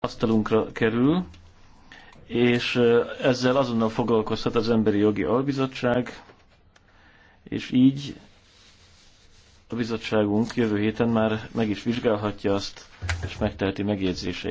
asztalunkra kerül, és ezzel azonnal foglalkozhat az Emberi Jogi Albizottság, és így a bizottságunk jövő héten már meg is vizsgálhatja azt, és megteheti megjegyzéseit.